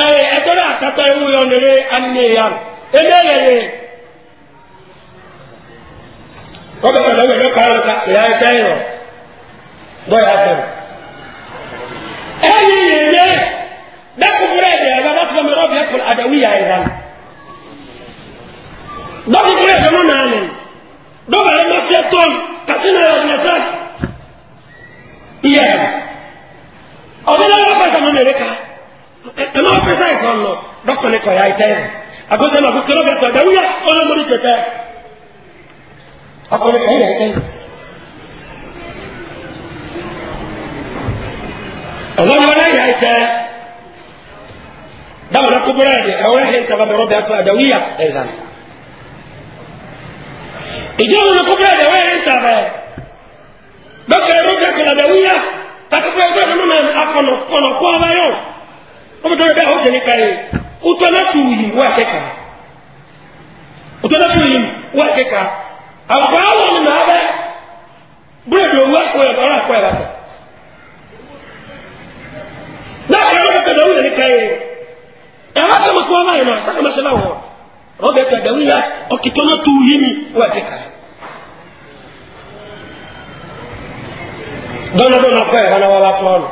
ee ɛtɔrɔ akata ewu yɔ nere anine ya ele yɛlɛ ɔbɛ yɛlɛ ɔbɛ yɛ kaa lɔka ya ɛkɛ yɔ dɔ ya tɛm ɛyi yɛlɛ bɛkubura yɛ ɛbɛ n'a sɔrɔ mi rɔbi ɛkɔl adawi ya yɛlɛ dɔkubura yɛ dɔmɔ naani dɔbɛ yɛ ma tɔn kasi na yɔ nyɛ sɛ iyɛ ɔbɛ yɛ lɛ ɔbɛ sɛ mo nere kaa ẹ máa pèsè àìsàn lọ dọ́kítọ̀ ní kọ̀yà ìtẹ́ rẹ̀ àgọ́sẹ́ náà kókè lọ́kẹ́ tọ̀ dẹ̀wúyà olómọdé kẹtẹ ọkùnrin kẹyà ìtẹ́ rẹ̀. ọlọ́run náà yà ìtẹ́ dáwọn ẹ̀kọ́ bọ́lá ẹ̀dẹ̀ ẹ̀wọ́n ẹ̀hìn tàbá bẹ̀rọ̀ bẹ̀ àtọ̀ àdẹ̀wúyà ẹ̀dà ìjọ wọn ẹ̀kọ́ bọ́lá ẹ̀dẹ̀ ẹ̀wọ́n ẹ̀hìn tàbá bẹ̀rọ̀ bẹ̀ àtọ̀ àdẹ̀wúyà wọ́n tọ́lá bẹ́ẹ̀ ọ̀sẹ̀ nípa yìí ó tọ́lá tù yìí wọ́n akẹ́kọ̀ọ́ ó tọ́lá tù yìí wọ́n akẹ́kọ̀ọ́ àgbà wọn ni màá bẹ́ búrẹ́dì owó akọ ẹ̀ bàrà akọ ẹ̀ bàtọ̀ láàrin ọ̀rọ̀ kẹta wúlò nípa yìí ẹ̀ wá kàmá kó ọmọ àyìnbá sàkàmá sẹ́lá wọ̀ ọ̀ bẹ́ẹ̀ kàdà wíyà ọ̀kì tọ́lá tù yìí wọ́n akẹ́kọ̀ọ́ dọ́nà dọ́nà akọ ẹ̀ wọn wọ́n wá tọ́ ọ̀nà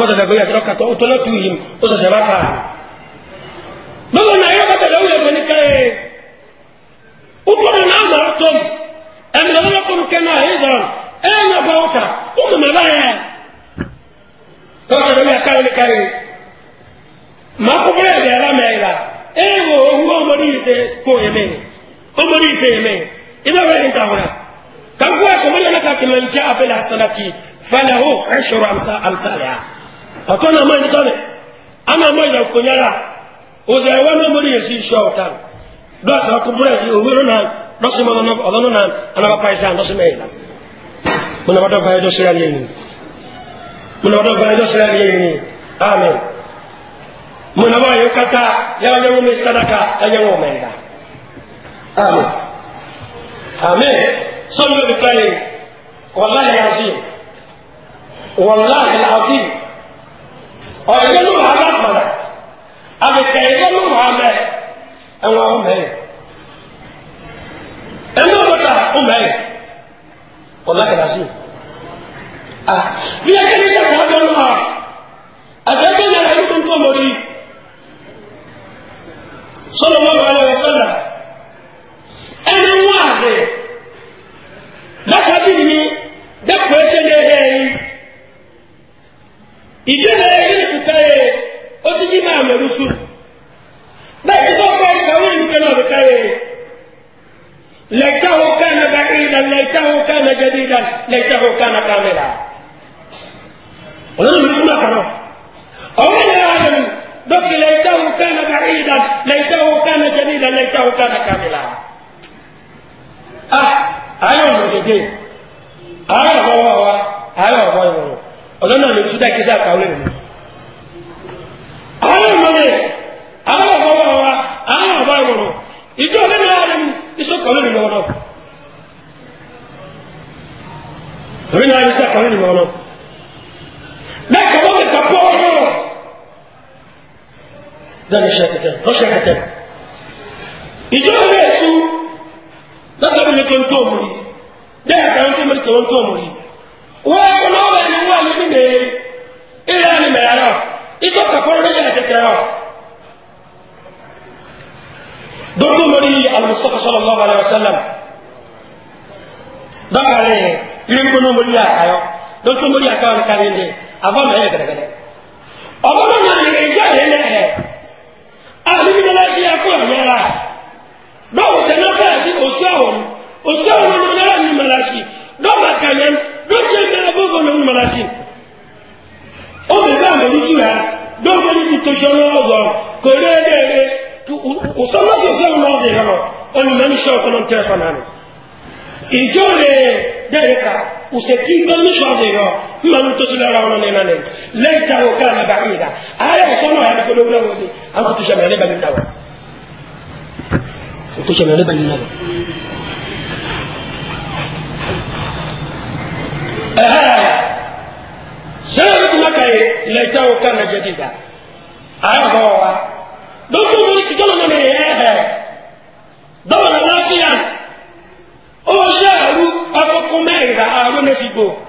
wata da goya kiroka to to tu yim o so shabaka dogo na yo bata dawo yo ni kai u to na ma to en na yo ko ke na heza en na bauta u ma ba ya to da me ka ni kai ma ko bre de ra me ira e wo hu o mo ri se ko e me o mo ri se me ida wa en ka ora kan ko ko mo na ka ti man ja abela sanati falahu ashru ọ̀tọ́ náà mọ́ ìdítọ́ rẹ̀ a náà mọ́ ìdàkò yára òzè ẹ̀wọ́ náà mórí èsì iṣẹ́ ọ̀tá dọ́ọ̀sì ọkọ̀ múrẹ̀ ní òwúrọ̀ náà lọ́sí mọ́ ọ̀dọ́nù náà anáwó paisa lọ́sí mẹ́yìnlá múnabọ́dọ́ báyé dọ́síra ní ẹ̀yìn múnabọ́dọ́ báyé dọ́síra ní ẹ̀yìn amen múnabọ́ yóò kata yára yẹn wọ́n mi sadaka ẹ̀yẹn wọ́n mẹ́yìnlá amen amen sọ́yìn yóò di pẹ́yìn wàláhìn azim wàláhìn azim ọ̀yẹ́ ló wà lápàdà àbùkẹ́ ẹ̀yẹ́ ló wà mẹ́ ẹ̀wọ̀n ọ̀hún mẹ́yìn ẹ̀mí ọ̀bọ̀tà ọ̀hún mẹ́yìn ọ̀la kẹ̀lá sí. bí ẹgbẹ́ níṣẹ́ sọ̀rọ̀ bí ọ̀nà àṣẹ ẹgbẹ́ yẹn lẹ́nu tó ń tó mọ̀rí sọ̀rọ̀ wọn bá da sọ̀rọ̀ ẹni wọ́n àgbẹ̀ lọ́sàbí ni dẹ́kun ẹ̀kẹ́ ní ẹ̀yẹ ìdí náà yìí kìtà yẹ ó sì yìí máa mẹ̀rú sùn bẹ́ẹ̀ kí sọ́kọ́ ìkàwé ìlú kan náà kìtà yẹ lẹ́tàwó kánà bàkìrìdà lẹ́tàwó kánà jẹ́dìdà lẹ́tàwó kánà kàmẹ́rà olórí mi kúnà kàná ọ̀rẹ́ yẹn wà lẹ́nu dọ́kì lẹ́tàwó kánà bàkìrìdà lẹ́tàwó kánà jẹ́dìdà lẹ́tàwó kánà kàmẹ́rà ah ayé ọ̀nà gègé ayé ọ̀bọ̀ wà wá ayé ọ̀bọ̀ ìwọ̀n ọ̀nà náà lè ṣúdá ìkísà kàwé nù àwọn ọmọdé àwọn ọmọwọ́ wa àwọn ọmọ ìwọ̀nà ìjọ ọ̀nà náà rẹ̀ ní iṣẹ́ kàwé nù lọ́wọ́ náà lórí náà ní iṣẹ́ kàwé nù lọ́wọ́ náà bẹ́ẹ̀ kọ́ wọ́n lè kà pọ́ ọ̀rọ̀ rọ̀ dáná ṣe àkẹtẹ ọṣẹ àkẹtẹ ìjọ ọ̀nà èṣù lọ́sàbí mi tó ń tó òmùrí bẹ́ẹ̀ kàwé tó mẹ́rin kàwé tó òmùrí wọ́n kọ́ náà wọ́n ẹni wọ́n ẹni bíbẹ̀ ilẹ̀ ẹni mẹ̀rẹ̀ rọ̀ ìtọ́ kẹ̀kọ́rọ́ ló yẹ ẹ̀jẹ̀ kẹrọ. dodo lórí alùsọ́kọ̀ sọ́lọ́ lọ́wọ́ alẹ́ ọ̀sẹ́lẹ̀m dọ́kàrẹ́ ilé ńgbóná mórí àkàyọ́ dodo mórí àkàyọ́ ní kárẹ́ ní àbọ̀ mẹ́rẹ̀ gẹ́gẹ́dẹ́. ọ̀gọ́dọ̀ náà ẹ̀ dọ́kà kàyẹ́ lókè náà gbogbo lòun mọ̀lá sí ó bẹ̀rẹ̀ àmọ̀lí sí wa lókè ní ìtòṣọ́nà ọ̀zọ̀ kò rí ẹgbẹ́ rẹ òsọ́nàṣì òṣèlú náà ọ̀dẹ̀ lọ ọ̀nà mẹ́rin ṣe ọ̀kan náà tẹ́sán náà ni ìjọ rẹ̀ dẹ́rẹ́ ká òsèkí gọ́míṣọ́ ọ̀dẹ̀ yọ mmanu tó sílẹ̀ ọ̀rọ̀ ọ̀nà nínú ni lẹ́yìn táwọn ká nàbà ìdá ààrẹ òsọ́nà ọ̀yà kó lówó náà wọlé àwọn tó ṣẹlẹ̀ ẹ̀lẹ́bàá nínú náà wọ̀ ɛhaya sɛnɛ bɛ kuma ka ye lɛtɛ o kan na jate da a y'a fɔ wa dɔw t'o mɛn kikalo na ne ye ɛhɛ dɔw na lafiya o sɛ alu a ko ko mɛ yira a ko ne si ko.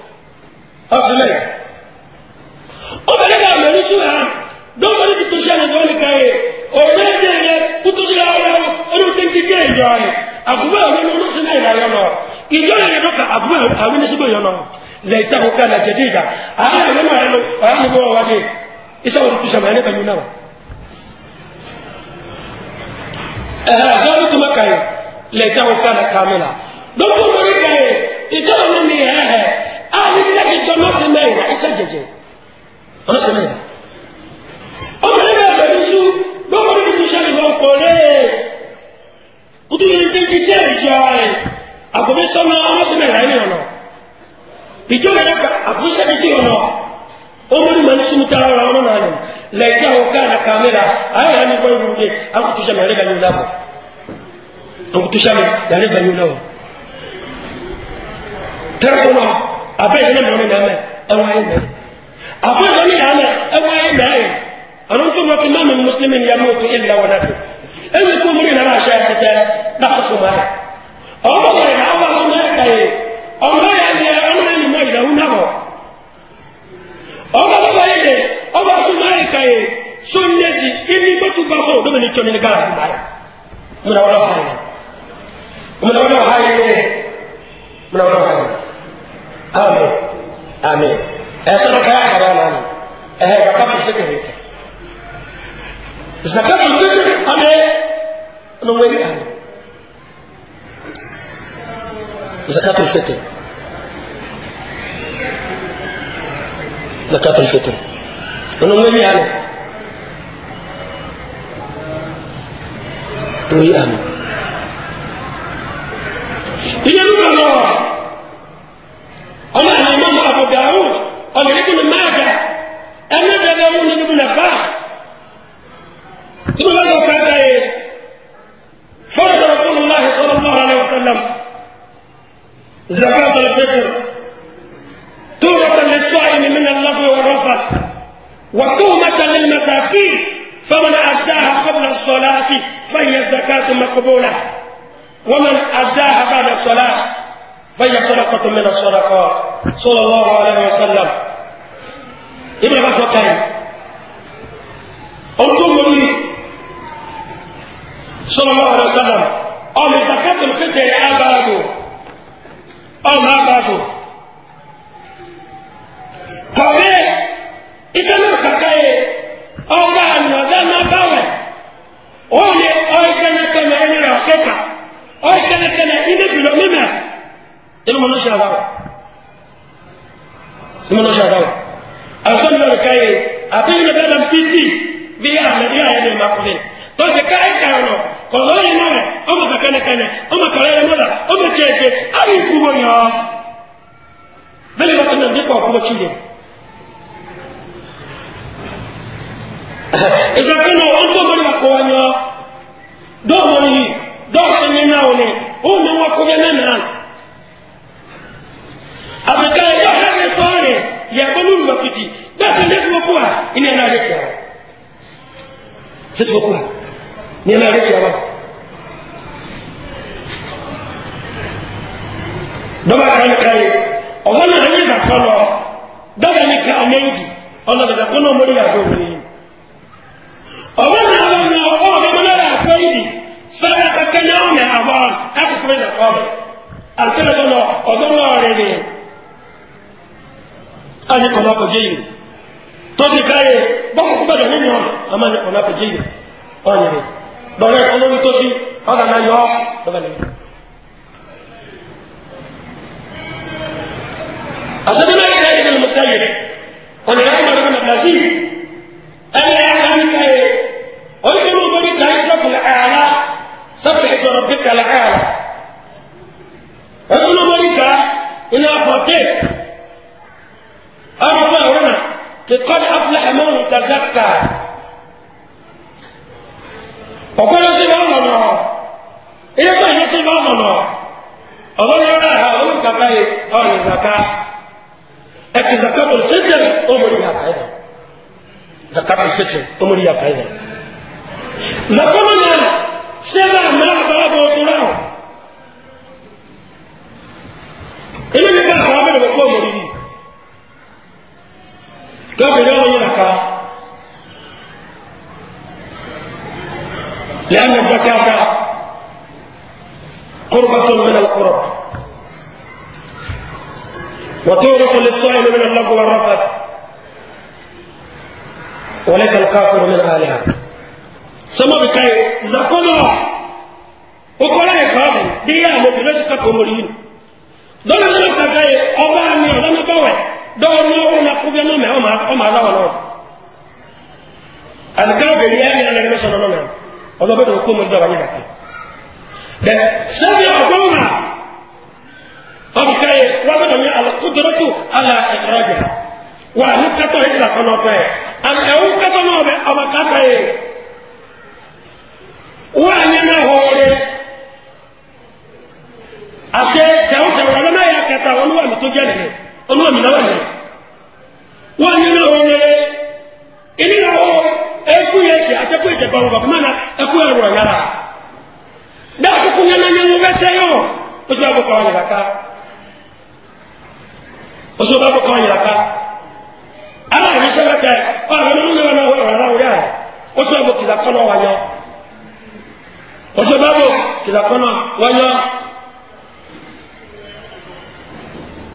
laitahu kana jadida aya neno ano ano bo wade isa wuri tushama ne banyuna wa eh zaru kuma kai laitahu kana kamila don ko mori kai ito ne eh, eh. ah, ni hehe ali sa ki to no se mai na isa jeje ono se mai o mo ne ba bisu do mo ni tushama ba ko le utu ni tenti te ya agobe sona ono se mai ni ono ìjọba yẹn ka àkúṣe ní tíyọ̀ náà omori ma ń sinmi tara ọ̀rọ̀ ọmọ náà yẹn lẹ́yìn àwọn káàna kàmẹ́rà ayé yẹn ní bọ́ ìlú de akutuṣẹ́ mi àrígbà yóò lábọ̀ akutuṣẹ́ mi àrígbà yóò lábọ̀ tẹ́sán náà abẹ́ yẹn ní mọ́ni náà mẹ́ ẹwà yẹn mẹ́ abẹ́ yẹn ní yàrá ẹwà yẹn mẹ́ yẹn àwọn tó wọ́n ti máa mi mùsùlùmí ni yàrá òtún ìlà wọn dàbí ẹni kó omori náà aṣọ ẹ̀ tẹ́tẹ́ náà fọ́fọ́ máa yẹ ọmọ yẹn àwọn ọmọ yẹn kà yẹ ọmọ yẹn ni ọmọ náà ìlàwú náà wọ̀ ọba bàbá yìí dẹ ọba súnmọ́ ẹ̀ka yìí sóńdẹ́sì ìní mọ́tò bá sọ̀rọ̀ dọ́mìnì tí omi ní gáà àdúgbà yà múnawọ́dọ̀ wà yìí múnawọ́dọ̀ wà yìí dẹ múnawọ́dọ̀ wà yìí amẹ amẹ ẹsọ̀rọ̀ káyà kàrà nànà ẹ̀hẹ̀ kàkà fífi kẹ̀kẹ́ kẹ̀ zaka fífi kẹ̀ amẹ ẹ̀mẹ̀ wọ́n yìí amẹ zaka fífi kẹ̀. زكاة الفطر أنا مولي أنا توي أنا إذا نقول الله انا الإمام أبو داود انا ابن ماجه أما داود ابن عباس ابن عباس كان فرض رسول الله صلى الله عليه وسلم زكاة الفطر وتهمة للمساكين فمن أداها قبل الصلاة فهي زكاة مقبولة ومن أداها بعد الصلاة فهي صدقة من الصدقات صلى الله عليه وسلم إبن بفكين أنتم لي صلى الله عليه وسلم أو من زكاة الفطر أبادو أو ما أبادو قبل iṣẹ́ náà kàkà yẹ ọba ànàdá náà báwẹ̀ òye ọ̀ẹ́kẹ́nẹ́kẹ́nẹ́ ẹni rà kẹta ọ̀ẹ́kẹ́nẹ́kẹ́nẹ́ ilé bìlọ mímẹ́ ẹni mọ̀ náà ṣe àdáwọ̀ ẹni mọ̀ náà ṣe àdáwọ̀ àwùjọ náà kà yẹ àbíyí náà bẹ́ẹ̀ pítì bí i àmàlí àyẹ̀ ní ìmákùnrin tọ́sí ká ẹ̀ka ọ̀nà kọ̀ọ̀lọ́ yìí náà ọmọ kàkẹ́nẹ́kẹ́nẹ́ ọmọ kàlẹ́rẹ́ mọ́lá ọmọ kẹ̀kẹ́ ayé ìkúwò yọ bẹ́ẹ̀ ni wọ́n ti nà nípa ọ̀pọ̀ ìṣàkínú ọ̀ntọ́mọ́rí wà kọ́ ọ̀nyọ́ dọ́ọ̀mọ́rí yìí dọ́ọ̀sẹ̀ ní náà wọlé ó ní wọn kó yẹn náà àbíká ẹjọ́ káfíń sọ́ọ̀rẹ̀ yàgbọ́n ní olùmọ̀kìtì gbàsẹ̀ ní ẹ̀sìn òkú à ní ẹ̀ náà rí kìá ṣẹ́sìn òkú à ní ẹ̀ náà rí kìá wa. dọ́bà kan kan ọ̀gbọ́n náà ní ìgbà kan lọ dọ́bà ní ká ọmọ ẹ̀yìn jù ọ̀nà ìgbà kan náà mọ́rí ọ̀wọ́n náà wọ́n náà ọ̀wọ́ ọ̀gbẹ́mọ́lára àpẹ́ ìdì sára kankan yẹn wọ́n náà wọ́n akókò ìdà kọ́ọ̀bù àtẹ́lẹ̀ sọ́nà ọ̀dọ́mọ́ rẹ̀ ni a ní kọ̀nà kò jẹ́ ìlú tọ́bi káyé bọ́kọ̀ kó bàjẹ́ nínú ọ̀nà a máa ní kọ̀nà kò jẹ́ ìlú ọ̀nà rẹ̀ bọ̀rẹ̀ olórí tó sí ọ̀gá náà yọ lọ́bàlẹ̀ ìlú. àṣẹ bí mẹ́rin ṣe é ní mọ̀ أي أحد كأي ويقولوا بني كأيسة الأعلى سبح اسم ربك الأعلى ويقولوا بني إلى فوتين أنا فاهمنا قد أفلح من تزكى وقال سيدنا الله إلى كان سيدنا الله أظن أنها أول كفاية أو الزكاة أكي زكاة الفطر أمرها كذا زكاة الفطر أمري يا لكم أنا سيدا من أحباب وطراو إلا من من أحباب وطراو يوم ينحكى لأن الزكاة قربة من القرب وتورط للصائم من اللب والرفث وليس الكافر من آلهة sọmọ bi ka yi zakɔnɔ o kɔla yɛ kɔɔ fɛ de yɛ amɔ bi lɔsi ka kɔmɔ yi dɔnna nana ka ka yi ɔba mi ɔlɔdi bɔwɛ dɔw ni o na kofia nɔmɛ ɔma ɔma ala wɔ nɔ alikaw bɛ yɛ yɛ lɛ lɛsɛ nɔnɔ nɛ ɔlɔ bɛ dɔn kɔmɔ dɔba yi zaki dɛ sɛbi ɔgbɔn ma ɔbi ka yi wa bɛ dɔn yɛ alakudorotu ala ɛsɛrɛ bi ha wà ní kẹtọ yìí sílá kan lọpẹ ẹwù kẹtọ náà bẹ ọba kàtà yìí wà ní ní hóore àti tẹwù tẹwù ọba náà yà kẹta wọn wà ní tó jẹ nìyẹn olúwa mi náà wà nìyẹn wà ní ní hóore ìníyàwó ẹkú yẹ kí àtẹkù ìjẹgbà wọn bàbá mọ́nà ẹkú ẹrù ọ̀yára dáa kúkú yẹn náà yẹn wọ́n bẹ tẹ́ yọ̀ oṣù àbùkọ́ ọ̀yìn làkà oṣù àbùkọ́ ọ̀yìn làkà aisha bɛtɛ ɔ a bɛ mun ɲɔgɔn na wɔyɔ ara wuya yɛ o sɔ bɔ kila kɔnɔ wa yɔ o sɔ bɔ kila kɔnɔ wa yɔ.